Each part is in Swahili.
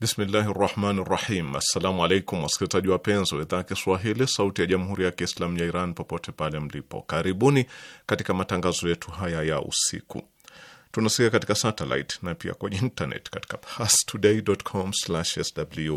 Bismillahi rahmani rahim. Assalamu alaikum wasikilizaji wapenzi wa idhaa ya Kiswahili sauti ya jamhuri ya Kiislamu ya Iran popote pale mlipo, karibuni katika matangazo yetu haya ya usiku. Tunasikia katika satellite na pia kwenye internet katika pastoday.com/sw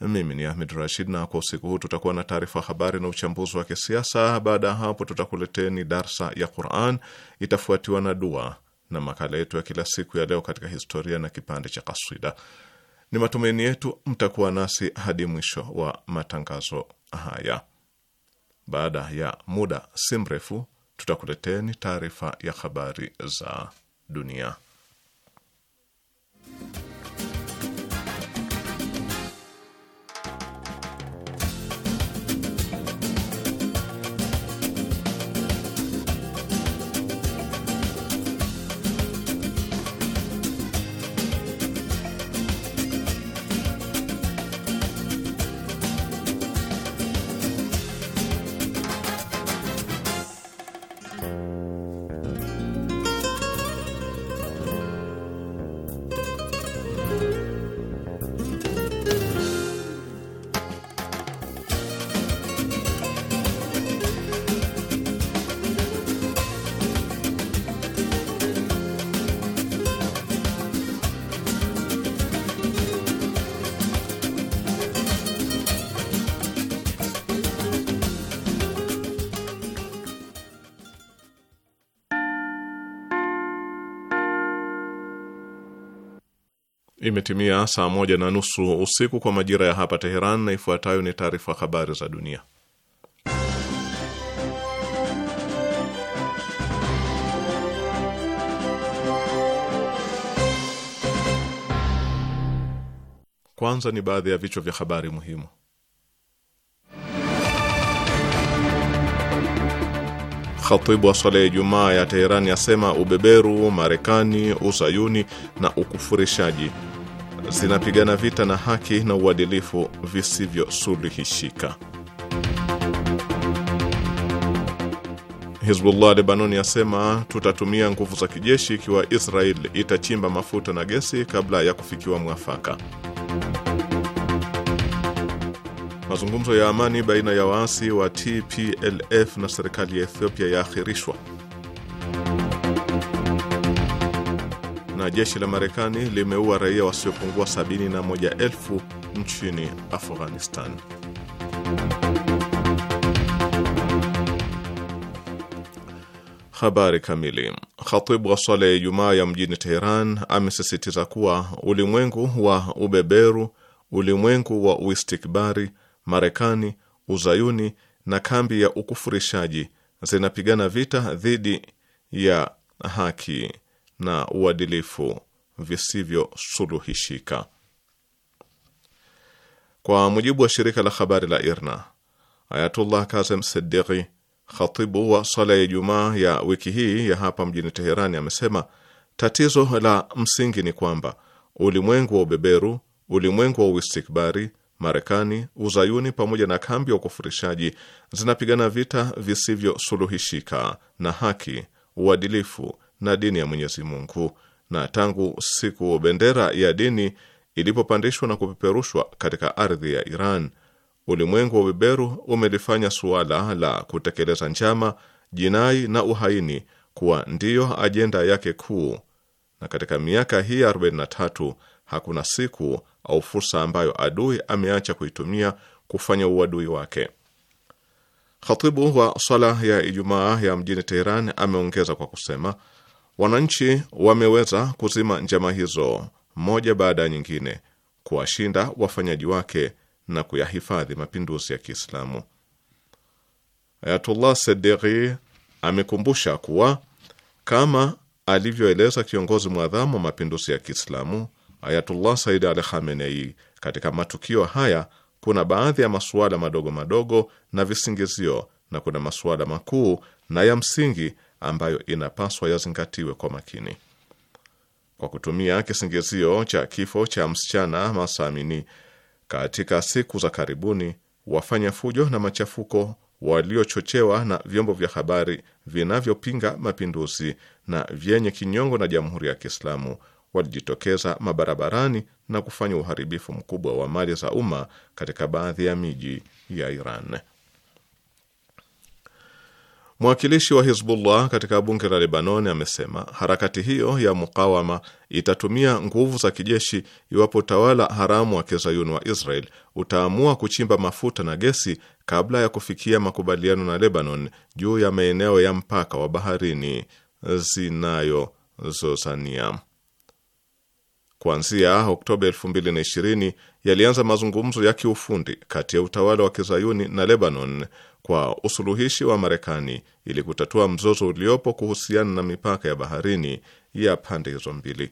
Mimi ni Ahmed Rashid, na kwa usiku huu tutakuwa na taarifa habari na uchambuzi wa kisiasa. Baada ya hapo, tutakuleteni darsa ya Quran, itafuatiwa na dua na makala yetu ya kila siku ya leo katika historia na kipande cha kaswida. Ni matumaini yetu mtakuwa nasi hadi mwisho wa matangazo haya. Baada ya muda si mrefu, tutakuleteni taarifa ya habari za dunia. imetimia saa moja na nusu usiku kwa majira ya hapa Teheran, na ifuatayo ni taarifa habari za dunia. Kwanza ni baadhi ya vichwa vya habari muhimu. Khatibu wa swala ya Ijumaa ya Teherani asema ubeberu, Marekani, usayuni na ukufurishaji zinapigana vita na haki na uadilifu visivyosuluhishika. Hizbullah Lebanoni yasema tutatumia nguvu za kijeshi ikiwa Israel itachimba mafuta na gesi kabla ya kufikiwa mwafaka. Mazungumzo ya amani baina ya waasi wa TPLF na serikali ya Ethiopia yaakhirishwa na jeshi la Marekani limeua raia wasiopungua 71,000 nchini Afghanistan. Habari kamili. Khatibu wa swala ya Ijumaa ya mjini Teheran amesisitiza kuwa ulimwengu wa ubeberu, ulimwengu wa uistikbari, Marekani, uzayuni na kambi ya ukufurishaji zinapigana vita dhidi ya haki na uadilifu visivyosuluhishika. Kwa mujibu wa shirika la habari la IRNA, Ayatullah Kazem Seddiqi, khatibu wa swala ya Ijumaa ya wiki hii ya hapa mjini Teherani, amesema tatizo la msingi ni kwamba ulimwengu wa ubeberu, ulimwengu wa uistikbari, Marekani, Uzayuni pamoja na kambi ya ukufurishaji zinapigana vita visivyosuluhishika na haki, uadilifu na dini ya Mwenyezi Mungu, na tangu siku bendera ya dini ilipopandishwa na kupeperushwa katika ardhi ya Iran, ulimwengu wa beberu umelifanya suala la kutekeleza njama, jinai na uhaini kuwa ndiyo ajenda yake kuu, na katika miaka hii 43 hakuna siku au fursa ambayo adui ameacha kuitumia kufanya uadui wake. Khatibu wa sala ya Ijumaa ya mjini Teheran ameongeza kwa kusema Wananchi wameweza kuzima njama hizo moja baada ya nyingine, kuwashinda wafanyaji wake na kuyahifadhi mapinduzi ya Kiislamu. Ayatullah Sederi amekumbusha kuwa kama alivyoeleza kiongozi mwadhamu wa mapinduzi ya Kiislamu Ayatullah Said Ali Khamenei, katika matukio haya kuna baadhi ya masuala madogo madogo na visingizio na kuna masuala makuu na ya msingi ambayo inapaswa yazingatiwe kwa makini. Kwa kutumia kisingizio cha kifo cha msichana Masamini, katika siku za karibuni wafanya fujo na machafuko waliochochewa na vyombo vya habari vinavyopinga mapinduzi na vyenye kinyongo na Jamhuri ya Kiislamu walijitokeza mabarabarani na kufanya uharibifu mkubwa wa mali za umma katika baadhi ya miji ya Iran. Mwakilishi wa Hizbullah katika bunge la Lebanon amesema harakati hiyo ya mukawama itatumia nguvu za kijeshi iwapo utawala haramu wa kizayuni wa Israel utaamua kuchimba mafuta na gesi kabla ya kufikia makubaliano na Lebanon juu ya maeneo ya mpaka wa baharini zinayozozania. Kuanzia Oktoba 2020 yalianza mazungumzo ya kiufundi kati ya utawala wa kizayuni na Lebanon kwa usuluhishi wa Marekani ili kutatua mzozo uliopo kuhusiana na mipaka ya baharini ya pande hizo mbili.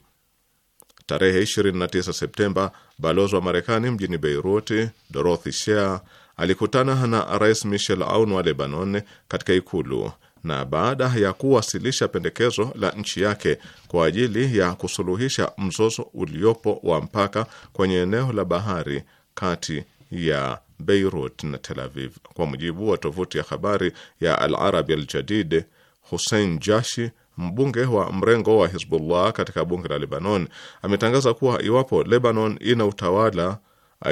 Tarehe 29 Septemba, balozi wa Marekani mjini beirut Dorothy Shea, alikutana na Rais Michel Aoun wa Lebanon katika ikulu na baada ya kuwasilisha pendekezo la nchi yake kwa ajili ya kusuluhisha mzozo uliopo wa mpaka kwenye eneo la bahari kati ya Beirut na Tel Aviv. Kwa mujibu wa tovuti ya habari ya Al Arabi Al Jadid, Hussein Jashi, mbunge wa mrengo wa Hizbullah katika bunge la Lebanon, ametangaza kuwa iwapo Lebanon ina utawala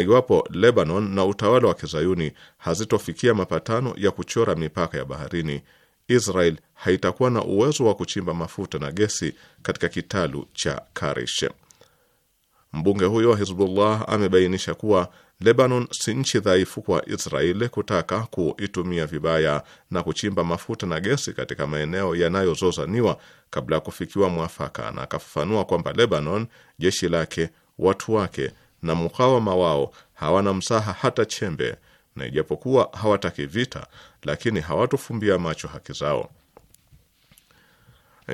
Iwapo Lebanon na utawala wa kizayuni hazitofikia mapatano ya kuchora mipaka ya baharini, Israel haitakuwa na uwezo wa kuchimba mafuta na gesi katika kitalu cha Karish. Mbunge huyo wa Hizbullah amebainisha kuwa Lebanon si nchi dhaifu kwa Israel kutaka kuitumia vibaya na kuchimba mafuta na gesi katika maeneo yanayozozaniwa kabla ya kufikiwa mwafaka, na akafafanua kwamba Lebanon, jeshi lake, watu wake na mukawama wao hawana msaha hata chembe, na ijapokuwa hawataki vita, lakini hawatofumbia macho haki zao.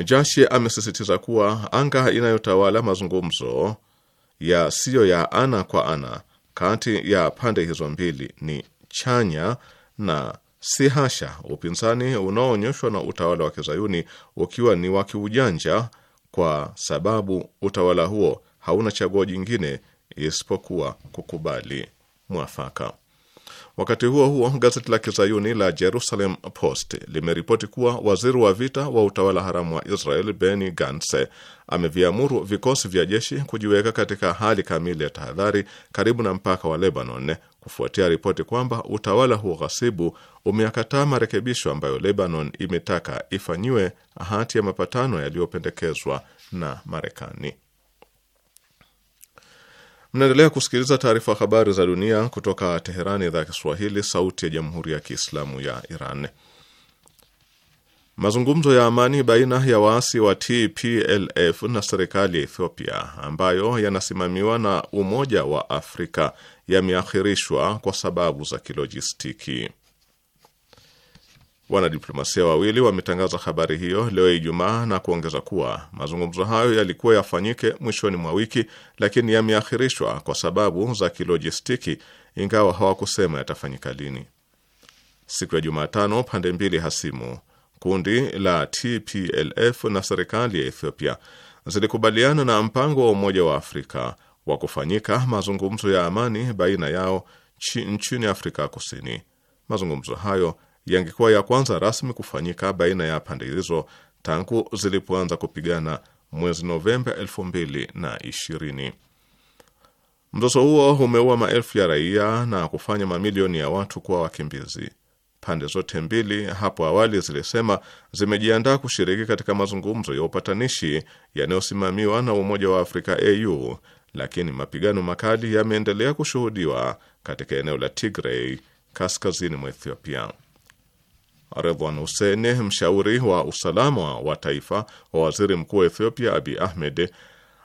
Jashe amesisitiza kuwa anga inayotawala mazungumzo ya siyo ya ana kwa ana kati ya pande hizo mbili ni chanya na si hasha, upinzani unaoonyeshwa na utawala wa kizayuni ukiwa ni wa kiujanja, kwa sababu utawala huo hauna chaguo jingine isipokuwa kukubali mwafaka. Wakati huo huo, gazeti la kizayuni la Jerusalem Post limeripoti kuwa waziri wa vita wa utawala haramu wa Israel Benny Gantz ameviamuru vikosi vya jeshi kujiweka katika hali kamili ya tahadhari karibu na mpaka wa Lebanon kufuatia ripoti kwamba utawala huo ghasibu umeakataa marekebisho ambayo Lebanon imetaka ifanyiwe hati ya mapatano yaliyopendekezwa na Marekani. Mnaendelea kusikiliza taarifa habari za dunia kutoka Teherani, idhaa ya Kiswahili, sauti ya jamhuri ya kiislamu ya Iran. Mazungumzo ya amani baina ya waasi wa TPLF na serikali ya Ethiopia ambayo yanasimamiwa na Umoja wa Afrika yameahirishwa kwa sababu za kilojistiki. Wanadiplomasia wawili wametangaza habari hiyo leo Ijumaa na kuongeza kuwa mazungumzo hayo yalikuwa yafanyike mwishoni mwa wiki, lakini yameahirishwa kwa sababu za kilojistiki, ingawa hawakusema yatafanyika lini. Siku ya Jumatano, pande mbili hasimu, kundi la TPLF na serikali ya Ethiopia, zilikubaliana na mpango wa Umoja wa Afrika wa kufanyika mazungumzo ya amani baina yao nchini Afrika Kusini. Mazungumzo hayo yangekuwa ya kwanza rasmi kufanyika baina ya pande hizo tangu zilipoanza kupigana mwezi Novemba elfu Mzozo huo umeua maelfu ya raia na kufanya mamilioni ya watu kuwa wakimbizi. Pande zote mbili hapo awali zilisema zimejiandaa kushiriki katika mazungumzo ya upatanishi yanayosimamiwa na Umoja wa Afrika AU, lakini mapigano makali yameendelea kushuhudiwa katika eneo la Tigray kaskazini mwa Ethiopia. Redwan Hussein, mshauri wa usalama wa taifa wa waziri mkuu wa Ethiopia Abi Ahmed,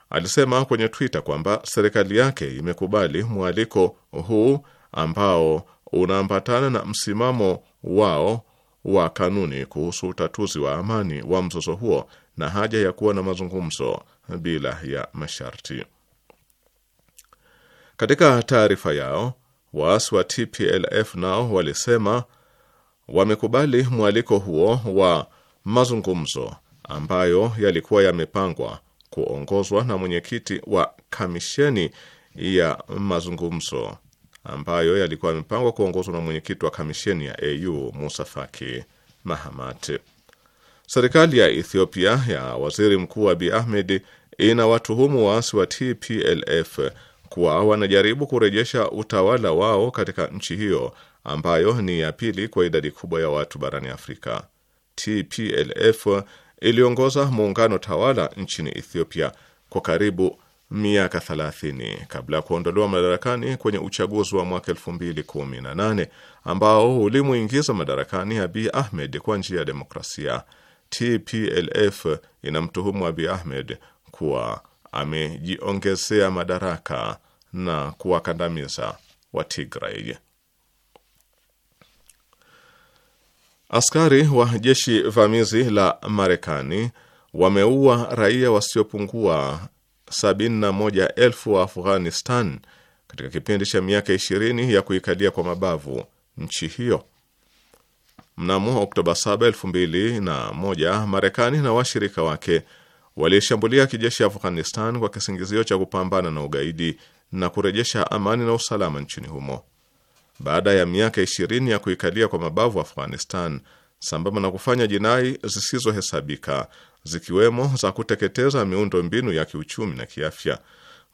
alisema kwenye Twitter kwamba serikali yake imekubali mwaliko huu ambao unaambatana na msimamo wao wa kanuni kuhusu utatuzi wa amani wa mzozo huo na haja ya kuwa na mazungumzo bila ya masharti. Katika taarifa yao, waasi wa TPLF nao walisema wamekubali mwaliko huo wa mazungumzo ambayo yalikuwa yamepangwa kuongozwa na mwenyekiti wa kamisheni ya mazungumzo ambayo yalikuwa yamepangwa kuongozwa na mwenyekiti wa kamisheni ya AU Musa Faki Mahamat. Serikali ya Ethiopia ya waziri mkuu Abiy Ahmed ina watuhumu waasi wa TPLF kuwa wanajaribu kurejesha utawala wao katika nchi hiyo ambayo ni ya pili kwa idadi kubwa ya watu barani Afrika. TPLF iliongoza muungano tawala nchini Ethiopia kwa karibu miaka 30 kabla ya kuondolewa madarakani kwenye uchaguzi wa mwaka 2018 ambao ulimuingiza madarakani Abiy Ahmed kwa njia ya demokrasia. TPLF inamtuhumu Abiy Ahmed kuwa amejiongezea madaraka na kuwakandamiza Watigray. Askari wa jeshi vamizi la Marekani wameua raia wasiopungua 71,000 wa Afghanistan katika kipindi cha miaka 20 ya kuikalia kwa mabavu nchi hiyo. Mnamo Oktoba 7, 2001, Marekani na washirika wake walishambulia kijeshi Afghanistan kwa kisingizio cha kupambana na ugaidi na kurejesha amani na usalama nchini humo baada ya miaka ishirini ya kuikalia kwa mabavu Afghanistan, sambamba na kufanya jinai zisizohesabika zikiwemo za kuteketeza miundo mbinu ya kiuchumi na kiafya.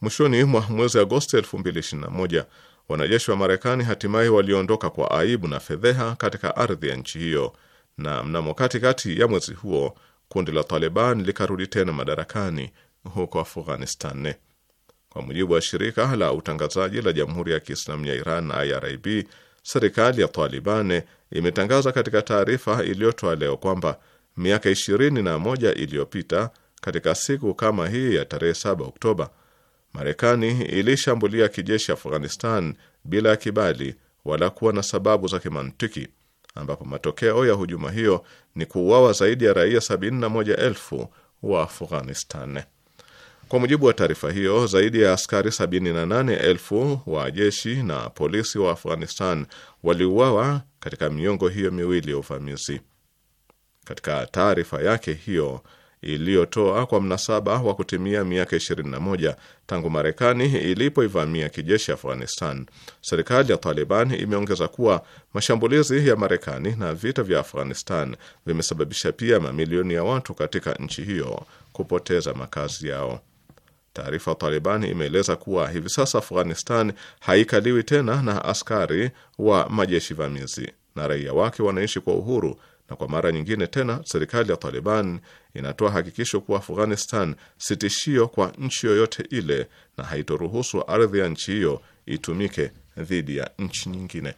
Mwishoni mwa mwezi Agosti 2021 wanajeshi wa Marekani hatimaye waliondoka kwa aibu na fedheha katika ardhi ya nchi hiyo, na mnamo katikati ya mwezi huo kundi la Taliban likarudi tena madarakani huko Afghanistan. Kwa mujibu wa shirika la utangazaji la Jamhuri ya Kiislamu ya Iran IRIB, serikali ya Taliban imetangaza katika taarifa iliyotoa leo kwamba miaka 21 iliyopita katika siku kama hii ya tarehe 7 Oktoba, Marekani ilishambulia kijeshi Afghanistan bila ya kibali wala kuwa na sababu za kimantiki, ambapo matokeo ya hujuma hiyo ni kuuawa zaidi ya raia 71,000 wa Afghanistan. Kwa mujibu wa taarifa hiyo, zaidi ya askari 78,000 wa jeshi na polisi wa Afghanistan waliuawa katika miongo hiyo miwili ya uvamizi. Katika taarifa yake hiyo iliyotoa kwa mnasaba wa kutimia miaka 21 tangu Marekani ilipoivamia kijeshi Afghanistan, serikali ya Taliban imeongeza kuwa mashambulizi ya Marekani na vita vya Afghanistan vimesababisha pia mamilioni ya watu katika nchi hiyo kupoteza makazi yao. Taarifa taliban imeeleza kuwa hivi sasa Afghanistan haikaliwi tena na askari wa majeshi vamizi na raia wake wanaishi kwa uhuru, na kwa mara nyingine tena serikali ya Taliban inatoa hakikisho kuwa Afghanistan si tishio kwa nchi yoyote ile na haitoruhusu ardhi ya nchi hiyo itumike dhidi ya nchi nyingine.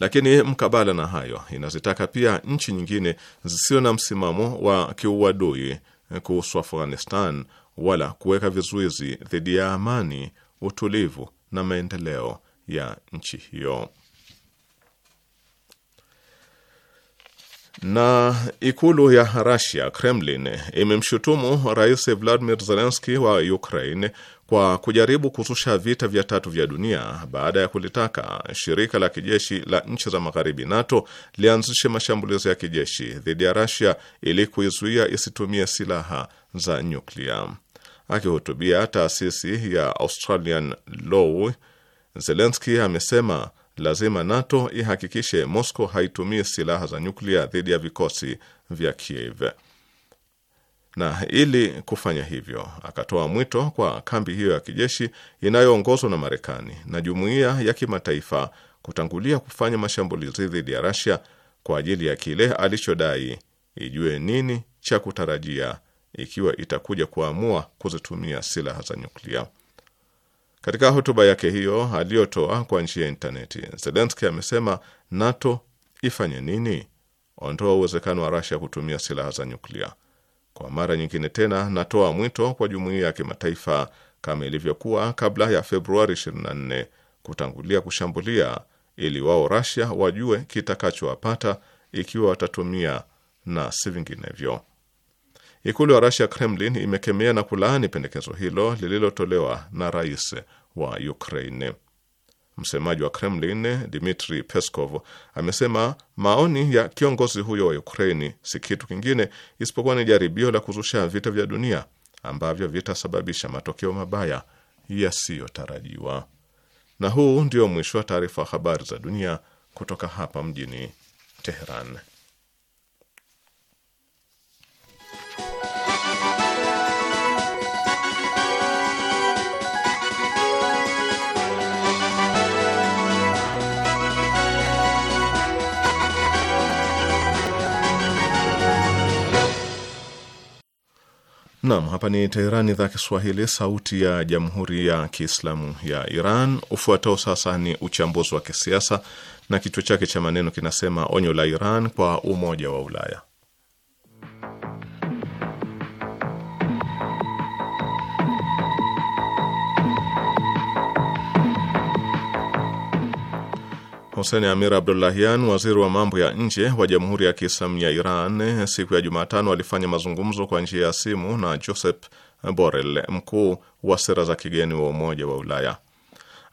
Lakini mkabala na hayo, inazitaka pia nchi nyingine zisizo na msimamo wa kiuadui kuhusu Afghanistan wala kuweka vizuizi dhidi ya amani, utulivu na maendeleo ya nchi hiyo. Na ikulu ya Russia, Kremlin, imemshutumu Rais Vladimir Zelensky wa Ukraine kwa kujaribu kuzusha vita vya tatu vya dunia baada ya kulitaka shirika la kijeshi la nchi za magharibi NATO lianzishe mashambulizi ya kijeshi dhidi ya Russia ili kuizuia isitumie silaha za nyuklia. Akihutubia taasisi ya Australian Law, Zelensky amesema lazima NATO ihakikishe Moscow haitumii silaha za nyuklia dhidi ya vikosi vya Kiev, na ili kufanya hivyo, akatoa mwito kwa kambi hiyo ya kijeshi inayoongozwa na Marekani na jumuiya ya kimataifa kutangulia kufanya mashambulizi dhidi ya Russia kwa ajili ya kile alichodai ijue nini cha kutarajia ikiwa itakuja kuamua kuzitumia silaha za nyuklia. Katika hotuba yake hiyo aliyotoa kwa njia ya intaneti, Zelenski amesema NATO ifanye nini? Ondoa uwezekano wa Rasia kutumia silaha za nyuklia. Kwa mara nyingine tena, natoa mwito kwa jumuiya ya kimataifa kama ilivyokuwa kabla ya Februari 24 kutangulia kushambulia, ili wao Rasia wajue kitakachowapata ikiwa watatumia na si vinginevyo. Ikulu ya Russia, Kremlin, imekemea na kulaani pendekezo hilo lililotolewa na rais wa Ukraine. Msemaji wa Kremlin Dmitri Peskov amesema maoni ya kiongozi huyo wa Ukraini si kitu kingine isipokuwa ni jaribio la kuzusha vita vya dunia ambavyo vitasababisha matokeo mabaya yasiyotarajiwa. Na huu ndio mwisho wa taarifa habari za dunia kutoka hapa mjini Teheran. Naam, hapa ni Teherani, idhaa Kiswahili, sauti ya jamhuri ya kiislamu ya Iran. Ufuatao sasa ni uchambuzi wa kisiasa na kichwa chake cha maneno kinasema onyo la Iran kwa umoja wa Ulaya. Hussein Amir Abdullahian, waziri wa mambo ya nje wa Jamhuri ya Kiislamu ya Iran, siku ya Jumatano alifanya mazungumzo kwa njia ya simu na Joseph Borrell, mkuu wa sera za kigeni wa Umoja wa Ulaya.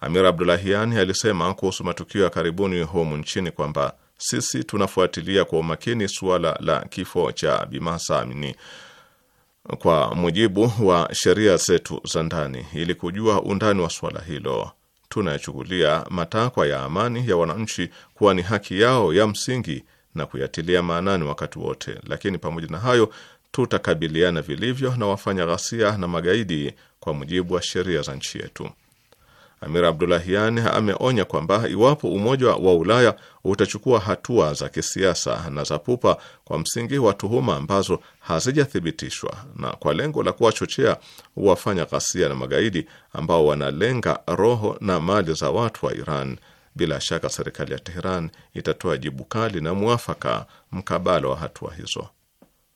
Amir Abdullahian alisema kuhusu matukio ya karibuni humu nchini kwamba sisi tunafuatilia kwa umakini suala la kifo cha Bimasa Amini kwa mujibu wa sheria zetu za ndani ili kujua undani wa suala hilo tunayachukulia matakwa ya amani ya wananchi kuwa ni haki yao ya msingi na kuyatilia maanani wakati wote. Lakini pamoja na hayo, tutakabiliana vilivyo na wafanya ghasia na magaidi kwa mujibu wa sheria za nchi yetu. Amir Abdulahian ameonya kwamba iwapo Umoja wa Ulaya utachukua hatua za kisiasa na za pupa kwa msingi wa tuhuma ambazo hazijathibitishwa na kwa lengo la kuwachochea wafanya ghasia na magaidi ambao wanalenga roho na mali za watu wa Iran, bila shaka serikali ya Teheran itatoa jibu kali na mwafaka mkabala wa hatua hizo.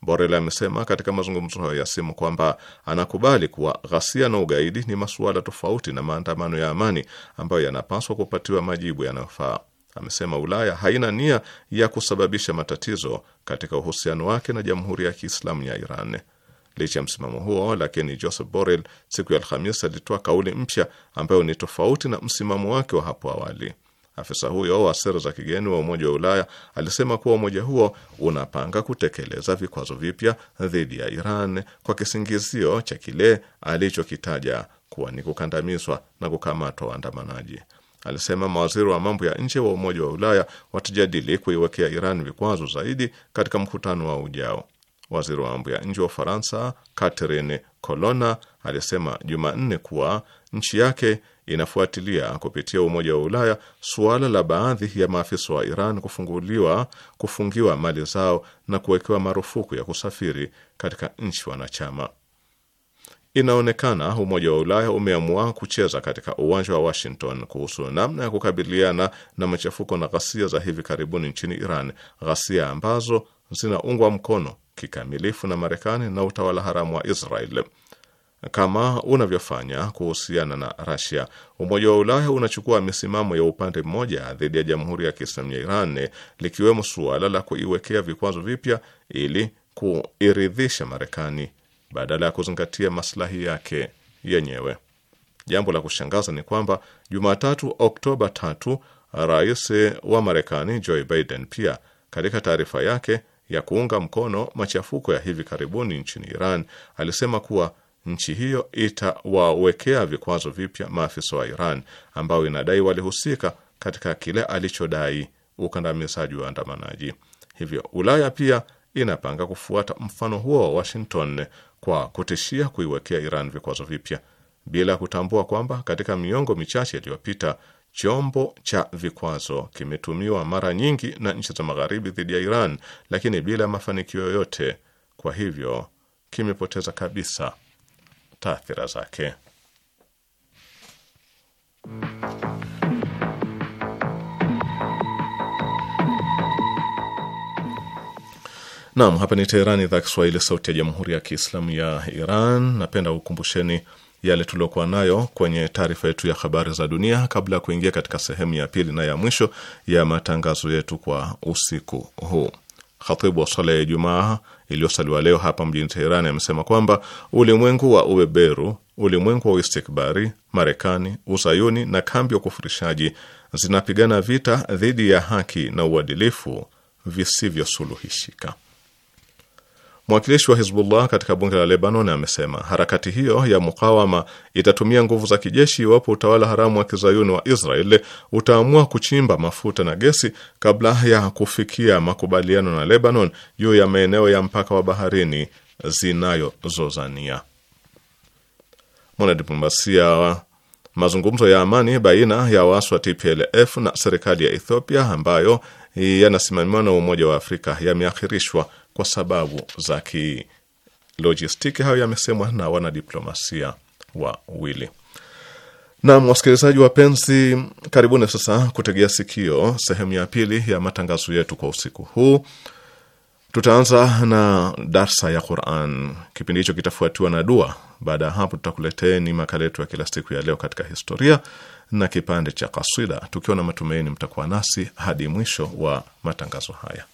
Borel amesema katika mazungumzo hayo ya simu kwamba anakubali kuwa ghasia na ugaidi ni masuala tofauti na maandamano ya amani ambayo yanapaswa kupatiwa majibu yanayofaa. Amesema Ulaya haina nia ya kusababisha matatizo katika uhusiano wake na Jamhuri ya Kiislamu ya Iran. Licha ya msimamo huo, lakini Joseph Borel siku ya Alhamis alitoa kauli mpya ambayo ni tofauti na msimamo wake wa hapo awali. Afisa huyo wa sera za kigeni wa Umoja wa Ulaya alisema kuwa umoja huo unapanga kutekeleza vikwazo vipya dhidi ya Iran kwa kisingizio cha kile alichokitaja kuwa ni kukandamizwa na kukamatwa waandamanaji. Alisema mawaziri wa mambo ya nje wa Umoja wa Ulaya watajadili kuiwekea Iran vikwazo zaidi katika mkutano wa ujao. Waziri wa mambo ya nje wa Ufaransa Catherine Colonna alisema Jumanne kuwa nchi yake inafuatilia kupitia Umoja wa Ulaya suala la baadhi ya maafisa wa Iran kufunguliwa kufungiwa mali zao na kuwekewa marufuku ya kusafiri katika nchi wanachama. Inaonekana Umoja wa Ulaya umeamua kucheza katika uwanja wa Washington kuhusu namna ya kukabiliana na machafuko na ghasia za hivi karibuni nchini Iran, ghasia ambazo zinaungwa mkono kikamilifu na Marekani na utawala haramu wa Israel kama unavyofanya kuhusiana na Rasia. Umoja wa Ulaya unachukua misimamo ya upande mmoja dhidi ya Jamhuri ya Kiislamu ya Iran, likiwemo suala la kuiwekea vikwazo vipya ili kuiridhisha Marekani badala ya kuzingatia maslahi yake yenyewe. Jambo la kushangaza ni kwamba Jumatatu, Oktoba tatu, rais wa Marekani Joe Biden pia katika taarifa yake ya kuunga mkono machafuko ya hivi karibuni nchini Iran alisema kuwa nchi hiyo itawawekea vikwazo vipya maafisa wa Iran ambao inadai walihusika katika kile alichodai ukandamizaji wa waandamanaji. Hivyo Ulaya pia inapanga kufuata mfano huo wa Washington kwa kutishia kuiwekea Iran vikwazo vipya bila kutambua kwamba katika miongo michache iliyopita chombo cha vikwazo kimetumiwa mara nyingi na nchi za Magharibi dhidi ya Iran, lakini bila mafanikio yoyote. Kwa hivyo kimepoteza kabisa taathira zake. Naam, hapa ni teheran idhaa Kiswahili, sauti ya jamhuri ya kiislamu ya Iran. Napenda kukumbusheni yale tuliokuwa nayo kwenye taarifa yetu ya habari za dunia kabla ya kuingia katika sehemu ya pili na ya mwisho ya matangazo yetu kwa usiku huu. Khatibu wa swala ya Ijumaa iliyosaliwa leo hapa mjini Teherani amesema kwamba ulimwengu wa ubeberu, ulimwengu wa uistikbari, Marekani, Uzayuni na kambi ya ukufurishaji zinapigana vita dhidi ya haki na uadilifu visivyosuluhishika. Mwakilishi wa Hizbullah katika bunge la Lebanon amesema harakati hiyo ya mukawama itatumia nguvu za kijeshi iwapo utawala haramu wa kizayuni wa Israel utaamua kuchimba mafuta na gesi kabla ya kufikia makubaliano na Lebanon juu ya maeneo ya mpaka wa baharini zinayozozania. Mwanadiplomasia mazungumzo ya amani baina ya waasi wa TPLF na serikali ya Ethiopia ambayo yanasimamiwa na Umoja wa Afrika yameakhirishwa kwa sababu za kilojistiki. Hayo yamesemwa na wanadiplomasia wawili. Nam, wasikilizaji wapenzi, karibuni sasa kutegea sikio sehemu ya pili ya matangazo yetu kwa usiku huu. Tutaanza na darsa ya Quran. Kipindi hicho kitafuatiwa na dua. Baada ya hapo, tutakuleteeni makala yetu ya kila siku ya leo katika historia na kipande cha kasida, tukiwa na matumaini mtakuwa nasi hadi mwisho wa matangazo haya.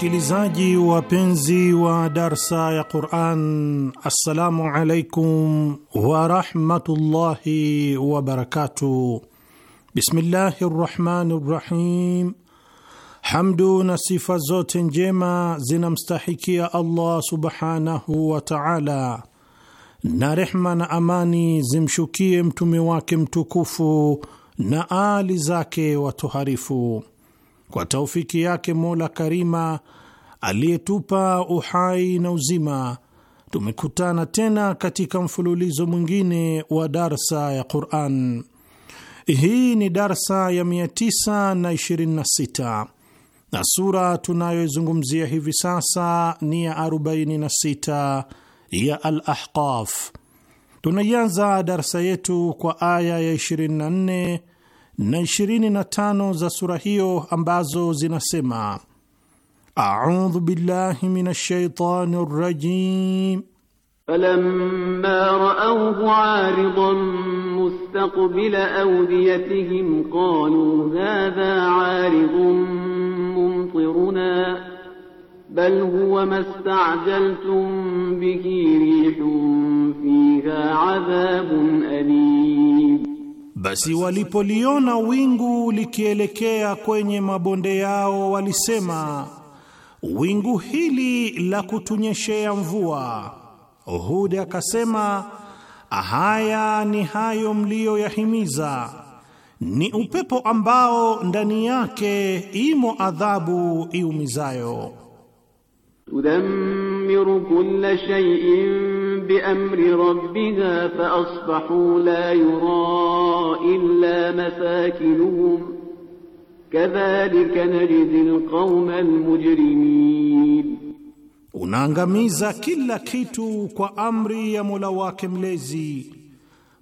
wasikilizaji wapenzi wa darsa ya Quran, assalamu alaikum warahmatullahi wabarakatuh. Bismillahi rahmani rahim Hamdu na sifa zote njema zinamstahikia Allah subhanahu wa taala, na rehma na amani zimshukie mtume wake mtukufu na ali zake watuharifu kwa taufiki yake Mola Karima aliyetupa uhai na uzima, tumekutana tena katika mfululizo mwingine wa darsa ya Quran. Hii ni darsa ya 926 na sura tunayoizungumzia hivi sasa ni ya 46 ya Al-Ahqaf. Tunaianza darsa yetu kwa aya ya 24 na ishirini na tano za sura hiyo ambazo zinasema: audhu billahi min shaitani rajim falamma raauhu aridan mustaqbila awdiyatihim qalu hadha aridun mumtiruna bal huwa mastajaltum bihi rihun fiha adhabun alim Basi walipoliona wingu likielekea kwenye mabonde yao, walisema wingu hili la kutunyeshea mvua. uhudi akasema, haya ni hayo mliyoyahimiza, ni upepo ambao ndani yake imo adhabu iumizayo. tudammiru kulla shay'in بأمر ربها فأصبحوا لا يرى إلا مساكنهم كذلك نجزي القوم المجرمين Unaangamiza kila kitu kwa amri ya Mola wake mlezi,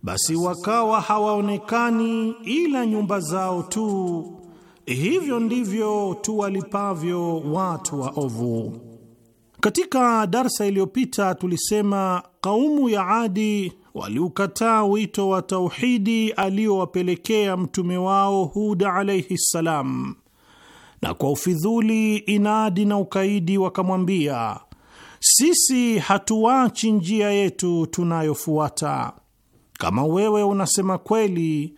basi wakawa hawaonekani ila nyumba zao tu. Hivyo ndivyo tuwalipavyo watu waovu. Katika darsa iliyopita tulisema kaumu ya Adi waliukataa wito wa tauhidi aliowapelekea mtume wao Huda alaihi ssalam, na kwa ufidhuli, inadi na ukaidi wakamwambia, sisi hatuwachi njia yetu tunayofuata, kama wewe unasema kweli,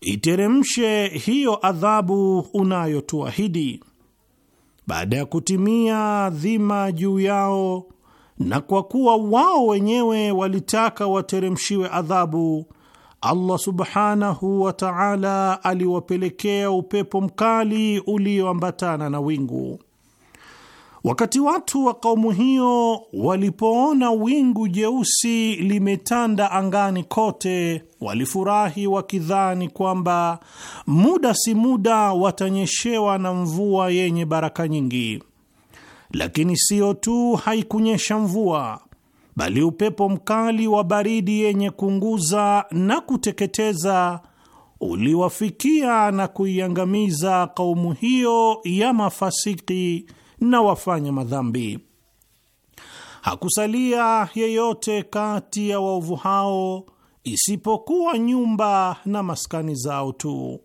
iteremshe hiyo adhabu unayotuahidi baada ya kutimia dhima juu yao, na kwa kuwa wao wenyewe walitaka wateremshiwe adhabu, Allah subhanahu wa ta'ala aliwapelekea upepo mkali ulioambatana na wingu. Wakati watu wa kaumu hiyo walipoona wingu jeusi limetanda angani kote, walifurahi wakidhani kwamba muda si muda watanyeshewa na mvua yenye baraka nyingi. Lakini siyo tu haikunyesha mvua, bali upepo mkali wa baridi yenye kunguza na kuteketeza uliwafikia na kuiangamiza kaumu hiyo ya mafasiki na wafanya madhambi. Hakusalia yeyote kati ya waovu hao isipokuwa nyumba na maskani zao tu.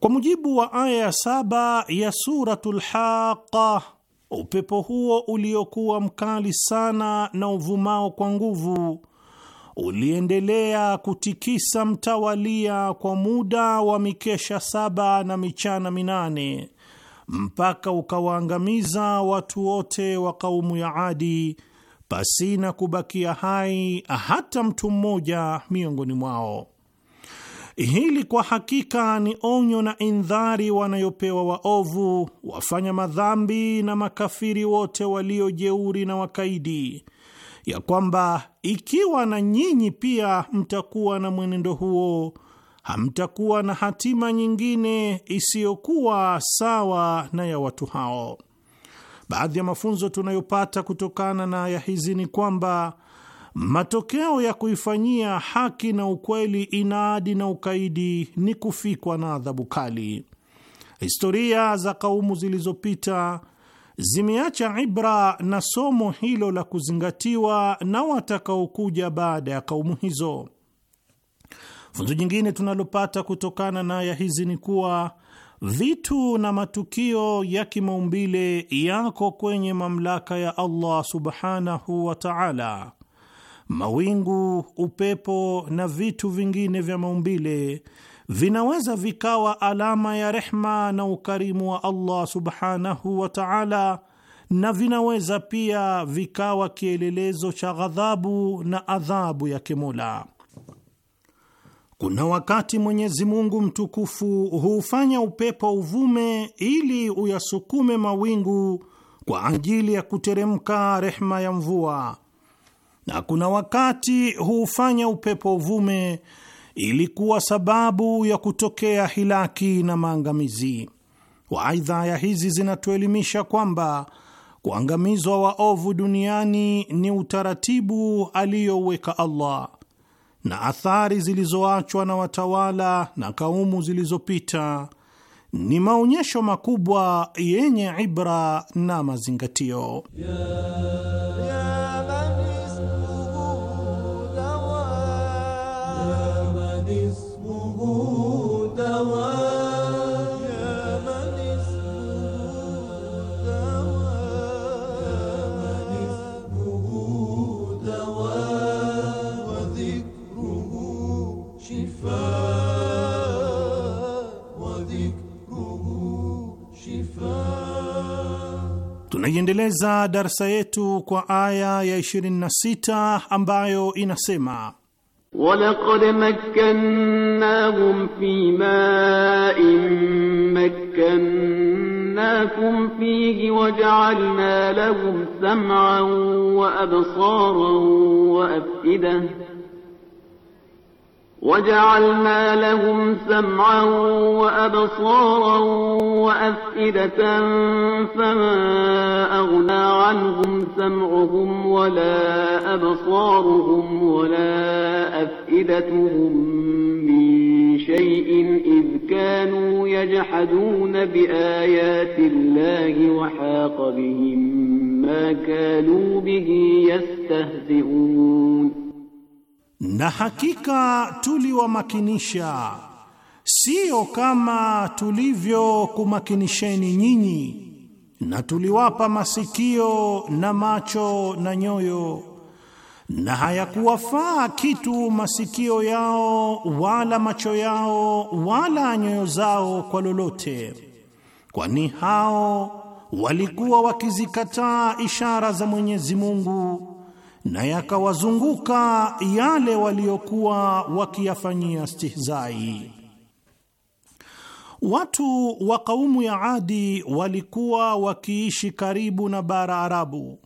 Kwa mujibu wa aya ya saba ya Suratul Haqa, upepo huo uliokuwa mkali sana na uvumao kwa nguvu uliendelea kutikisa mtawalia kwa muda wa mikesha saba na michana minane mpaka ukawaangamiza watu wote wa kaumu ya Adi pasina kubakia hai hata mtu mmoja miongoni mwao. Hili kwa hakika ni onyo na indhari wanayopewa waovu, wafanya madhambi na makafiri wote waliojeuri na wakaidi, ya kwamba ikiwa na nyinyi pia mtakuwa na mwenendo huo hamtakuwa na hatima nyingine isiyokuwa sawa na ya watu hao. Baadhi ya mafunzo tunayopata kutokana na aya hizi ni kwamba matokeo ya kuifanyia haki na ukweli inadi na ukaidi ni kufikwa na adhabu kali. Historia za kaumu zilizopita zimeacha ibra na somo hilo la kuzingatiwa na watakaokuja baada ya kaumu hizo. Funzo jingine tunalopata kutokana na aya hizi ni kuwa vitu na matukio ya kimaumbile yako kwenye mamlaka ya Allah subhanahu wa ta'ala. Mawingu, upepo na vitu vingine vya maumbile vinaweza vikawa alama ya rehma na ukarimu wa Allah subhanahu wa ta'ala, na vinaweza pia vikawa kielelezo cha ghadhabu na adhabu yake Mola. Kuna wakati Mwenyezi Mungu mtukufu huufanya upepo uvume ili uyasukume mawingu kwa ajili ya kuteremka rehma ya mvua, na kuna wakati huufanya upepo uvume ili kuwa sababu ya kutokea hilaki na maangamizi. Waaidha, aya hizi zinatuelimisha kwamba kuangamizwa waovu duniani ni utaratibu aliyouweka Allah na athari zilizoachwa na watawala na kaumu zilizopita ni maonyesho makubwa yenye ibra na mazingatio yeah, yeah. Tunaiendeleza darsa yetu kwa aya ya 26 ambayo inasema walaqad makkannahum fi ma'in makkannakum fihi waj'alna lahum sam'an wa absaran wa af'idah وجعلنا لهم سمعا وأبصارا وأفئدة فما أغنى عنهم سمعهم ولا أبصارهم ولا أفئدتهم من شيء إذ كانوا يجحدون بآيات الله وحاق بهم ما كانوا به يستهزئون Na hakika tuliwamakinisha, sio kama tulivyokumakinisheni nyinyi, na tuliwapa masikio na macho na nyoyo, na hayakuwafaa kitu masikio yao wala macho yao wala nyoyo zao kwa lolote, kwani hao walikuwa wakizikataa ishara za Mwenyezi Mungu na yakawazunguka yale waliokuwa wakiyafanyia stihzai. Watu wa kaumu ya Adi walikuwa wakiishi karibu na bara Arabu,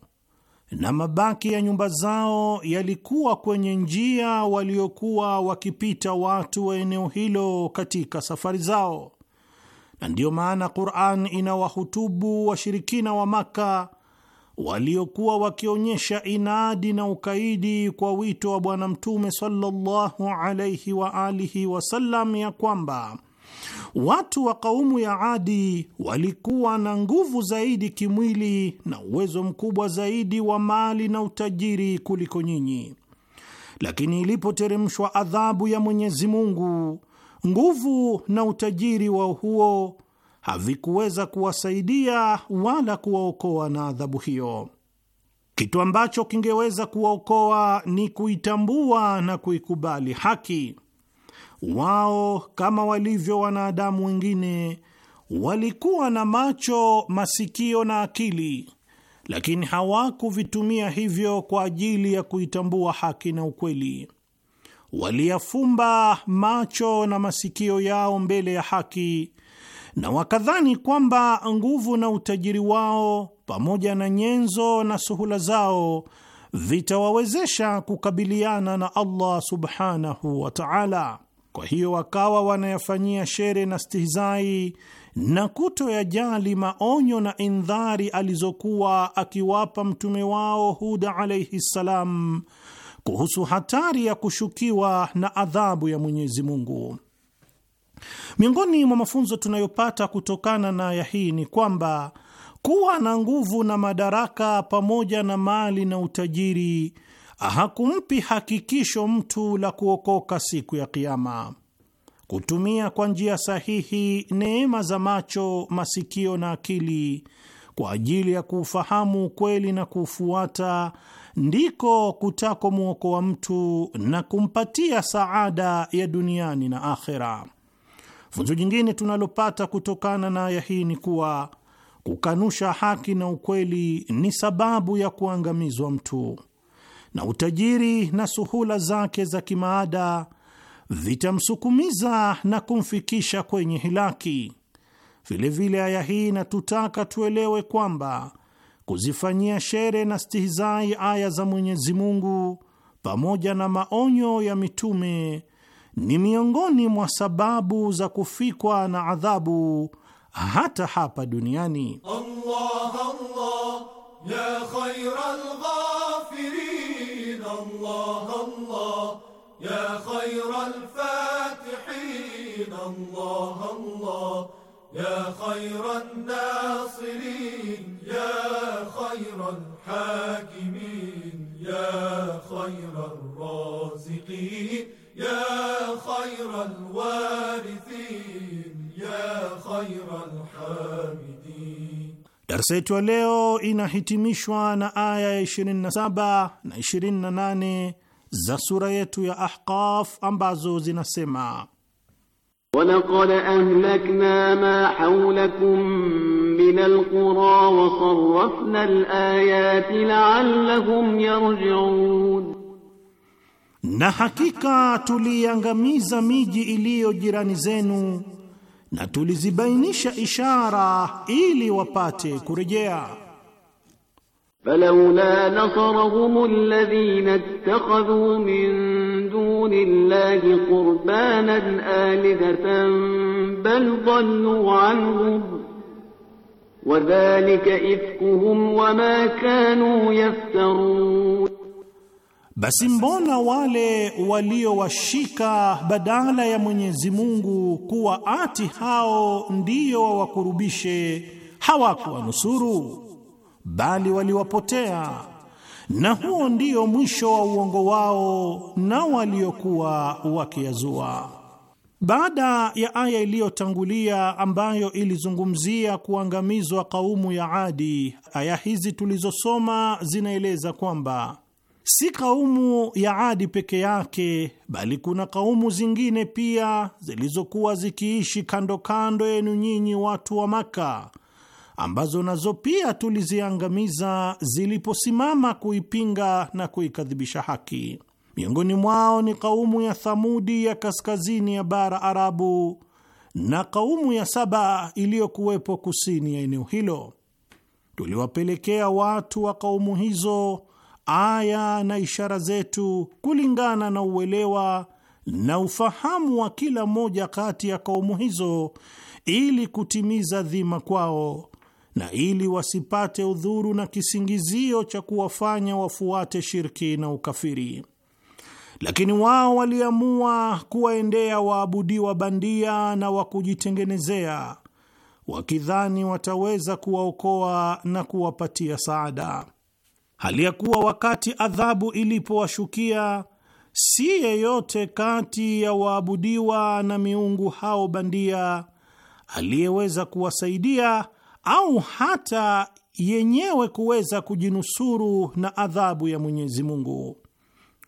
na mabaki ya nyumba zao yalikuwa kwenye njia waliokuwa wakipita watu wa eneo hilo katika safari zao, na ndiyo maana Qur'an inawahutubu washirikina wa Maka waliokuwa wakionyesha inadi na ukaidi kwa wito wa Bwana Mtume sallallahu alaihi wa alihi wasallam, ya kwamba watu wa kaumu ya Adi walikuwa na nguvu zaidi kimwili na uwezo mkubwa zaidi wa mali na utajiri kuliko nyinyi, lakini ilipoteremshwa adhabu ya Mwenyezi Mungu, nguvu na utajiri wao huo havikuweza kuwasaidia wala kuwaokoa na adhabu hiyo. Kitu ambacho kingeweza kuwaokoa ni kuitambua na kuikubali haki. Wao kama walivyo wanadamu wengine walikuwa na macho, masikio na akili, lakini hawakuvitumia hivyo kwa ajili ya kuitambua haki na ukweli. Waliyafumba macho na masikio yao mbele ya haki na wakadhani kwamba nguvu na utajiri wao pamoja na nyenzo na suhula zao vitawawezesha kukabiliana na Allah subhanahu wa ta'ala. Kwa hiyo wakawa wanayafanyia shere na stihizai na kutoyajali maonyo na indhari alizokuwa akiwapa mtume wao Huda alaihi ssalam kuhusu hatari ya kushukiwa na adhabu ya Mwenyezi Mungu. Miongoni mwa mafunzo tunayopata kutokana na aya hii ni kwamba kuwa na nguvu na madaraka pamoja na mali na utajiri hakumpi hakikisho mtu la kuokoka siku ya Kiama. Kutumia kwa njia sahihi neema za macho, masikio na akili kwa ajili ya kuufahamu ukweli na kuufuata ndiko kutako wa mtu na kumpatia saada ya duniani na akhera. Funzo jingine tunalopata kutokana na aya hii ni kuwa kukanusha haki na ukweli ni sababu ya kuangamizwa mtu, na utajiri na suhula zake za kimaada vitamsukumiza na kumfikisha kwenye hilaki. Vilevile aya hii inatutaka tuelewe kwamba kuzifanyia shere na stihizai aya za Mwenyezi Mungu pamoja na maonyo ya mitume ni miongoni mwa sababu za kufikwa na adhabu hata hapa duniani. Allah, Allah, ya ya ya khairal warithin ya khairal hamidin. Darsa yetu ya leo inahitimishwa na aya ya 27 na 28 za sura yetu ya Ahqaf ambazo zinasema Walaqad ahlakna ma hawlakum min alqura wa sarrafna alayati la'allahum yarji'un na hakika tuliiangamiza miji iliyo jirani zenu na tulizibainisha ishara ili wapate kurejea. Falawla nasarahum alladhina ittakhadhu min duni Allahi qurbanan alihatan bal dhallu anhum wadhalika ifkuhum wama kanu yaftarun basi mbona wale waliowashika badala ya Mwenyezi Mungu kuwa ati hao ndiyo wawakurubishe hawakuwanusuru bali waliwapotea, na huo ndio mwisho wa uongo wao na waliokuwa wakiyazua. Baada ya aya iliyotangulia ambayo ilizungumzia kuangamizwa kaumu ya Adi, aya hizi tulizosoma zinaeleza kwamba Si kaumu ya Adi peke yake, bali kuna kaumu zingine pia zilizokuwa zikiishi kando kando yenu nyinyi watu wa Maka, ambazo nazo pia tuliziangamiza ziliposimama kuipinga na kuikadhibisha haki. Miongoni mwao ni kaumu ya Thamudi ya kaskazini ya bara Arabu na kaumu ya Saba iliyokuwepo kusini ya eneo hilo. Tuliwapelekea watu wa kaumu hizo aya na ishara zetu kulingana na uelewa na ufahamu wa kila moja kati ya kaumu hizo, ili kutimiza dhima kwao na ili wasipate udhuru na kisingizio cha kuwafanya wafuate shirki na ukafiri. Lakini wao waliamua kuwaendea waabudiwa bandia na wa kujitengenezea, wakidhani wataweza kuwaokoa na kuwapatia saada hali ya kuwa wakati adhabu ilipowashukia si yeyote kati ya waabudiwa na miungu hao bandia aliyeweza kuwasaidia au hata yenyewe kuweza kujinusuru na adhabu ya Mwenyezi Mungu.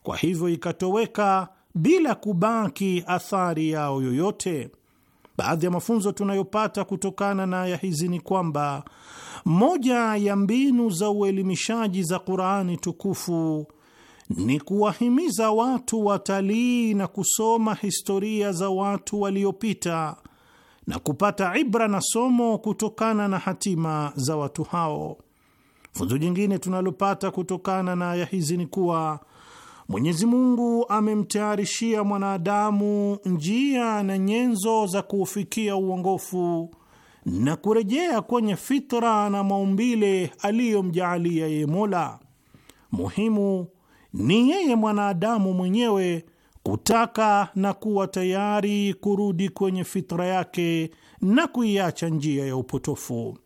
Kwa hivyo ikatoweka bila kubaki athari yao yoyote. Baadhi ya mafunzo tunayopata kutokana na aya hizi ni kwamba moja ya mbinu za uelimishaji za Qur'ani tukufu ni kuwahimiza watu watalii na kusoma historia za watu waliopita na kupata ibra na somo kutokana na hatima za watu hao. Funzo jingine tunalopata kutokana na aya hizi ni kuwa Mwenyezi Mungu amemtayarishia mwanadamu njia na nyenzo za kuufikia uongofu na kurejea kwenye fitra na maumbile aliyomjaalia yeye Mola. Muhimu ni yeye mwanadamu mwenyewe kutaka na kuwa tayari kurudi kwenye fitra yake na kuiacha njia ya upotofu.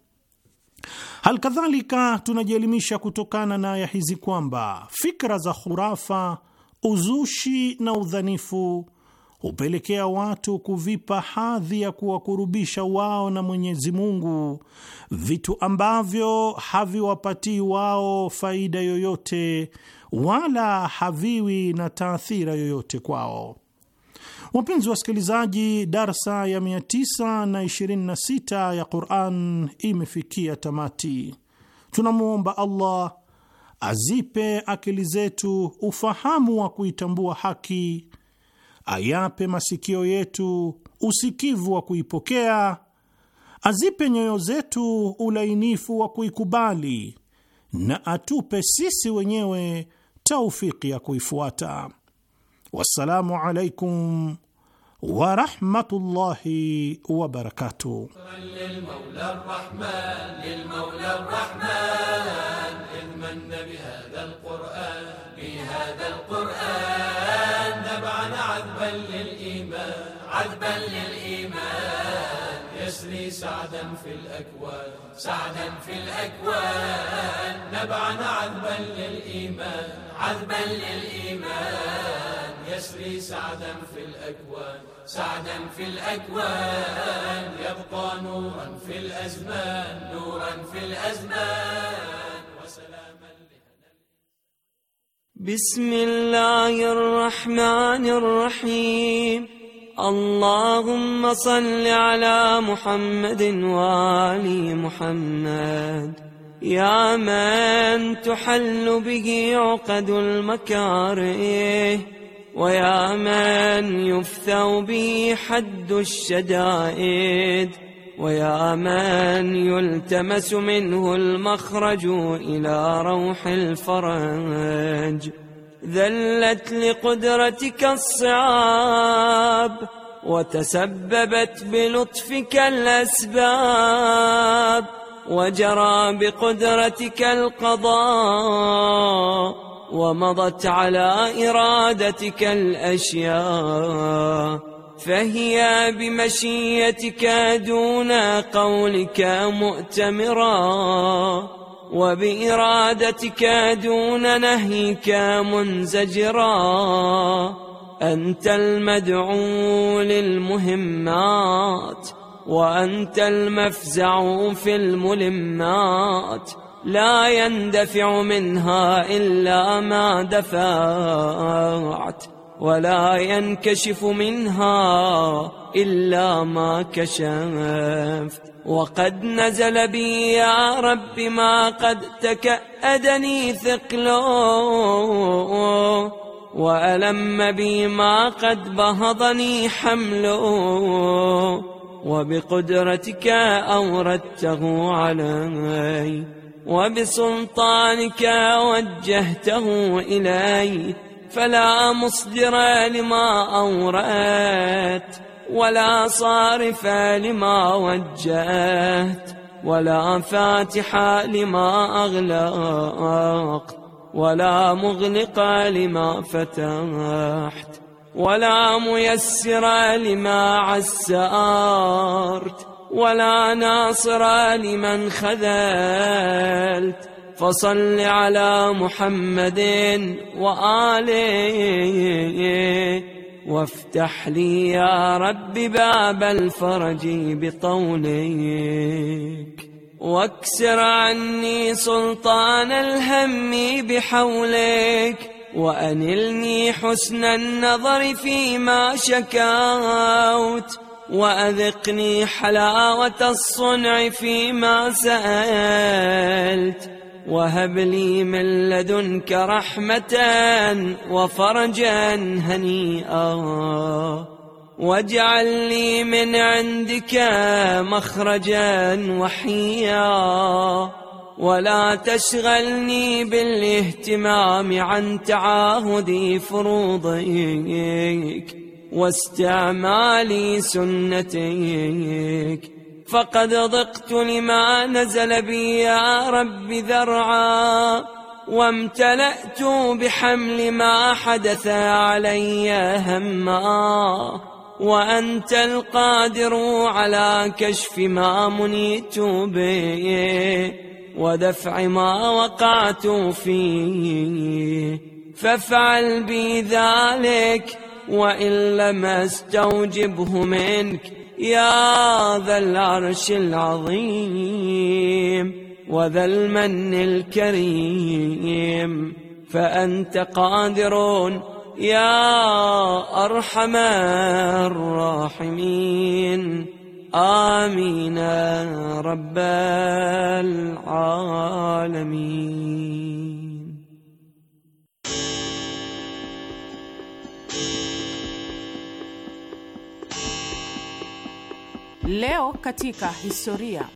Hal kadhalika tunajielimisha kutokana na aya hizi kwamba fikra za khurafa, uzushi na udhanifu hupelekea watu kuvipa hadhi ya kuwakurubisha wao na Mwenyezi Mungu vitu ambavyo haviwapatii wao faida yoyote wala haviwi na taathira yoyote kwao. Wapenzi wasikilizaji, darsa ya 926 ya Quran imefikia tamati. Tunamwomba Allah azipe akili zetu ufahamu wa kuitambua haki ayape masikio yetu usikivu wa kuipokea, azipe nyoyo zetu ulainifu wa kuikubali, na atupe sisi wenyewe taufiki ya kuifuata. Wassalamu alaikum ورحمة الله وبركاته للمولى الرحمن للمولى الرحمن المن بهذا القرآن بهذا القرآن نبعنا عذبا للإيمان عذبا للإيمان يسري سعدا في الأكوان سعدا في الأكوان نبعنا عذبا للإيمان عذبا للإيمان يسري سعدا في الأكوان سعدا في الأكوان يبقى نورا في الأزمان نورا في الأزمان وسلاما بسم الله الرحمن الرحيم اللهم صل على محمد وآل محمد يا من تحل به عقد المكاره ويا من يفثو به حد الشدائد ويا من يلتمس منه المخرج إلى روح الفرج ذلت لقدرتك الصعاب وتسببت بلطفك الأسباب وجرى بقدرتك القضاء ومضت على إرادتك الأشياء فهي بمشيتك دون قولك مؤتمرا وبإرادتك دون نهيك منزجرا أنت المدعو للمهمات وأنت المفزع في الملمات لا يندفع منها إلا ما دفعت ولا ينكشف منها إلا ما كشفت وقد نزل بي يا رب ما قد تكأدني ثقله وألم بي ما قد بهضني حمله وبقدرتك أوردته علي وبسلطانك وجهته إلي فلا مصدر لما أورات ولا صارف لما وجهت ولا فاتح لما أغلقت ولا مغلق لما فتحت ولا ميسر لما عسارت ولا ناصر لمن خذلت فصل على محمد وآله وافتح لي يا رب باب الفرج بطولك واكسر عني سلطان الهم بحولك وأنلني حسن النظر فيما شكوت وأذقني حلاوة الصنع فيما سألت وهب لي من لدنك رحمة وفرجا هنيئا واجعل لي من عندك مخرجا وحيا ولا تشغلني بالاهتمام عن تعاهد فروضك واستعمالي سنتك فقد ضقت لما نزل بي يا رب ذرعا وامتلأت بحمل ما حدث علي هما وأنت القادر على كشف ما منيت به ودفع ما وقعت فيه فافعل بي ذلك وإلا ما استوجبه منك يا ذا العرش العظيم وذا المن الكريم فأنت قادر يا أرحم الراحمين آمين رب العالمين Leo katika historia.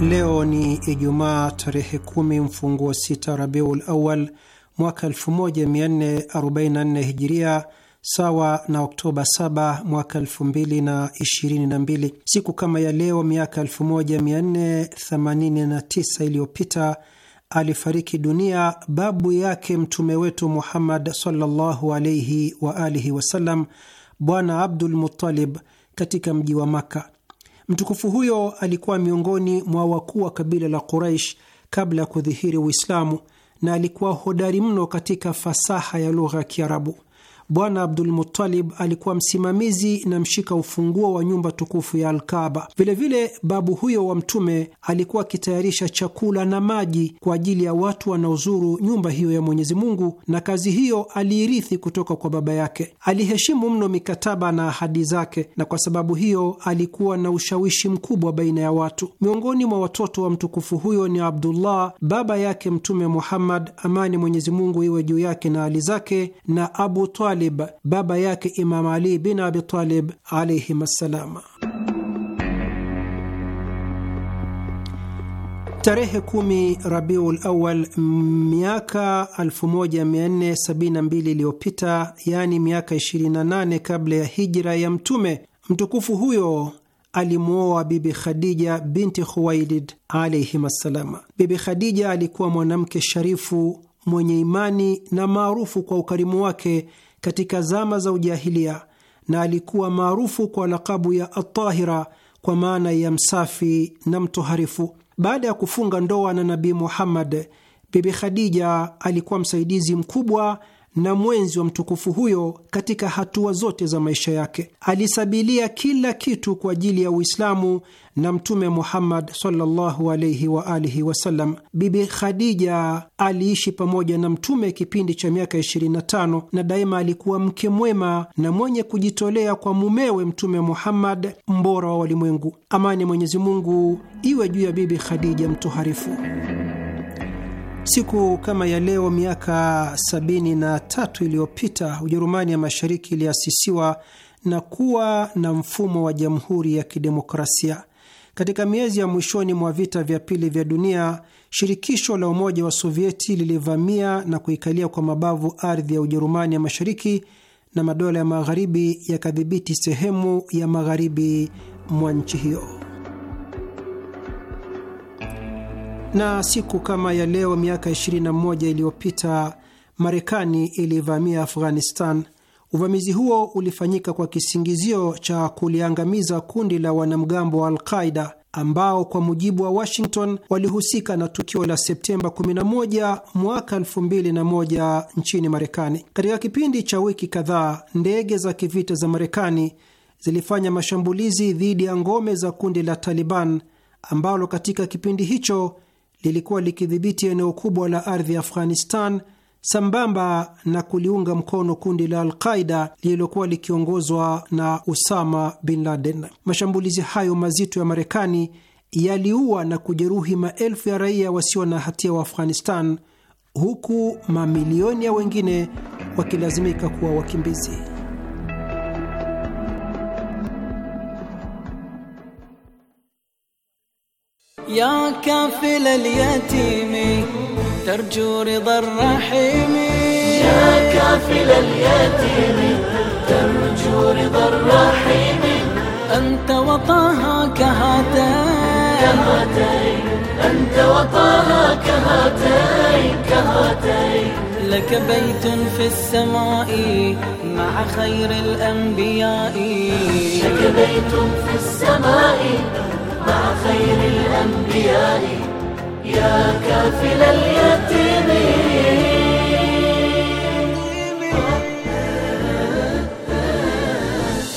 Leo ni Ijumaa tarehe kumi mfunguo sita Rabiul Awal mwaka 1444 Hijiria, sawa na Oktoba 7 mwaka 2022. Siku kama ya leo miaka 1489 iliyopita alifariki dunia babu yake mtume wetu Muhammad sallallahu alaihi wa alihi wasallam Bwana Abdul Muttalib katika mji wa Makka. Mtukufu huyo alikuwa miongoni mwa wakuu wa kabila la Quraish kabla ya kudhihiri Uislamu na alikuwa hodari mno katika fasaha ya lugha ya Kiarabu. Bwana Abdulmutalib alikuwa msimamizi na mshika ufunguo wa nyumba tukufu ya Alkaba. Vilevile babu huyo wa Mtume alikuwa akitayarisha chakula na maji kwa ajili ya watu wanaozuru nyumba hiyo ya Mwenyezi Mungu, na kazi hiyo aliirithi kutoka kwa baba yake. Aliheshimu mno mikataba na ahadi zake, na kwa sababu hiyo alikuwa na ushawishi mkubwa baina ya watu. Miongoni mwa watoto wa mtukufu huyo ni Abdullah baba yake Mtume Muhammad, amani Mwenyezi Mungu iwe juu yake na hali zake, na Abu Talib Talib, baba yake Imam Ali bin Abi Talib alaihim assalam. Tarehe kumi Rabiul Awal miaka 1472 iliyopita, yaani miaka 28 kabla ya hijra ya Mtume mtukufu huyo alimwoa Bibi Khadija binti Khuwailid alaihim assalama. Bibi Khadija alikuwa mwanamke sharifu mwenye imani na maarufu kwa ukarimu wake katika zama za ujahilia na alikuwa maarufu kwa lakabu ya Atahira kwa maana ya msafi na mtoharifu. Baada ya kufunga ndoa na Nabii Muhammad, Bibi Khadija alikuwa msaidizi mkubwa na mwenzi wa mtukufu huyo katika hatua zote za maisha yake. Alisabilia kila kitu kwa ajili ya Uislamu na Mtume Muhammad sallallahu alaihi wa alihi wasallam. Bibi Khadija aliishi pamoja na Mtume kipindi cha miaka 25 na daima alikuwa mke mwema na mwenye kujitolea kwa mumewe Mtume Muhammad, mbora wa walimwengu. Amani Mwenyezi Mungu iwe juu ya Bibi Khadija mtoharifu. Siku kama ya leo miaka sabini na tatu iliyopita Ujerumani ya Mashariki iliasisiwa na kuwa na mfumo wa jamhuri ya kidemokrasia. Katika miezi ya mwishoni mwa vita vya pili vya dunia, shirikisho la Umoja wa Sovieti lilivamia na kuikalia kwa mabavu ardhi ya Ujerumani ya Mashariki na madola ya Magharibi yakadhibiti sehemu ya magharibi mwa nchi hiyo. Na siku kama ya leo miaka 21 iliyopita Marekani ilivamia Afghanistan. Uvamizi huo ulifanyika kwa kisingizio cha kuliangamiza kundi la wanamgambo wa Alqaida ambao kwa mujibu wa Washington walihusika na tukio la Septemba 11 mwaka 2001 nchini Marekani. Katika kipindi cha wiki kadhaa, ndege za kivita za Marekani zilifanya mashambulizi dhidi ya ngome za kundi la Taliban ambalo katika kipindi hicho lilikuwa likidhibiti eneo kubwa la ardhi ya Afghanistan sambamba na kuliunga mkono kundi la Alqaida lililokuwa likiongozwa na Usama bin Laden. Mashambulizi hayo mazito ya Marekani yaliua na kujeruhi maelfu ya raia wasio na hatia wa Afghanistan, huku mamilioni ya wengine wakilazimika kuwa wakimbizi. Ya kafil ترجو رضا الرحيم يا كافل اليتيم ترجو رضا الرحيم أنت وطاها كهاتين أنت وطاها كهاتين كهاتين لك بيت في السماء مع خير الأنبياء لك بيت في السماء مع خير الأنبياء يا كافل اليتيم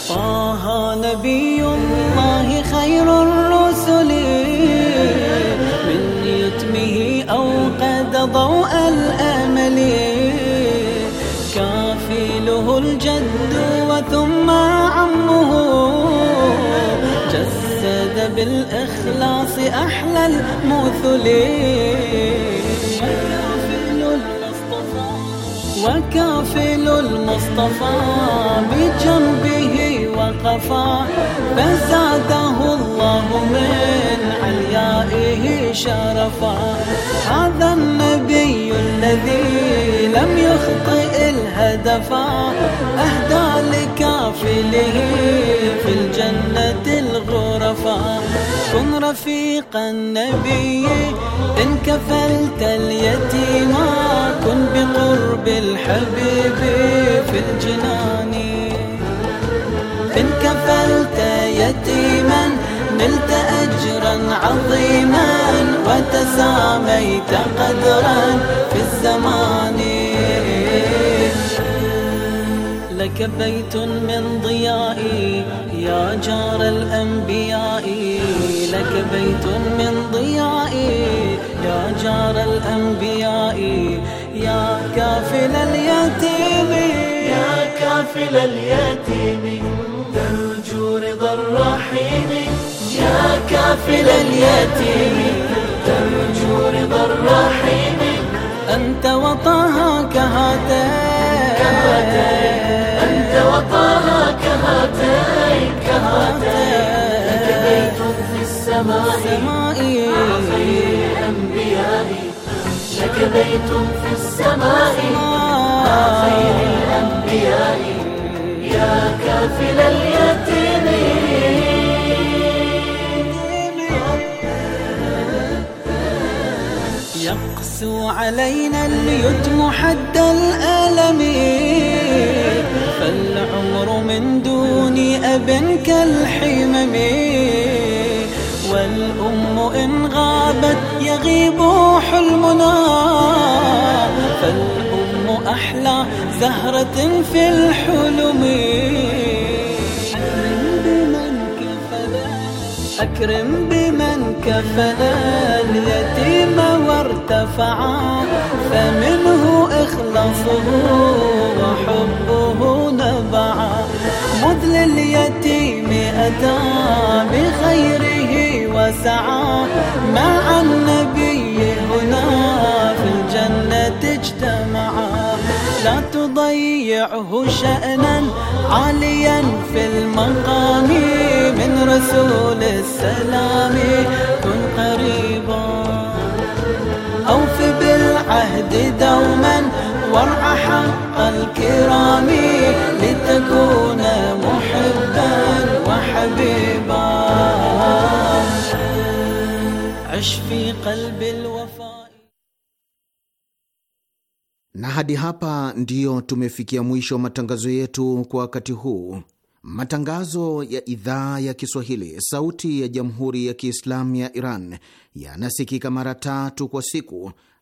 طه نبي الله خير بالإخلاص أحلى المثلين وكافل المصطفى بجنبه وقفا فزاده الله من عليائه شرفا هذا النبي الذي لم يخطئ الهدفا أهدى لكافله في الجنة الغرفاء كن رفيق النبي إن كفلت اليتيما كن بقرب الحبيب في الجنان إن كفلت يتيما نلت أجرا عظيما وتساميت قدرا في الزمان كبيت من ضيائي يا جار الأنبياء لك بيت من ضيائي يا جار الأنبياء يا كافل اليتيم يا كافل اليتيم ترجو رضا الرحيم يا كافل اليتيم ترجو رضا الرحيم أنت وطهاك هاتين وطاها كهاتين كهاتين لك بيت في السماء مع خير أنبيائي لك بيت في السماء مع خير الأنبياء يا كافل اليتيم يقسو علينا اليتم حد الألم فالعمر من دون أب كالحمم والأم إن غابت يغيب حلمنا فالأم أحلى زهرة في الحلم أكرم بمن كفلا أكرم بمن كفلا اليتيم وارتفعا فمنه إخلاصه وحبه لليتيم أتى بخيره وسعى مع النبي هنا في الجنة اجتمعا لا تضيعه شأنا عاليا في المقام من رسول السلام كن قريبا أوف بالعهد دوما الكرام لتكون محبا وحبيبا عش في قلب الوفاء na hadi hapa ndiyo tumefikia mwisho wa matangazo yetu kwa wakati huu. Matangazo ya idhaa ya Kiswahili sauti ya jamhuri ya Kiislamu ya Iran yanasikika mara tatu kwa siku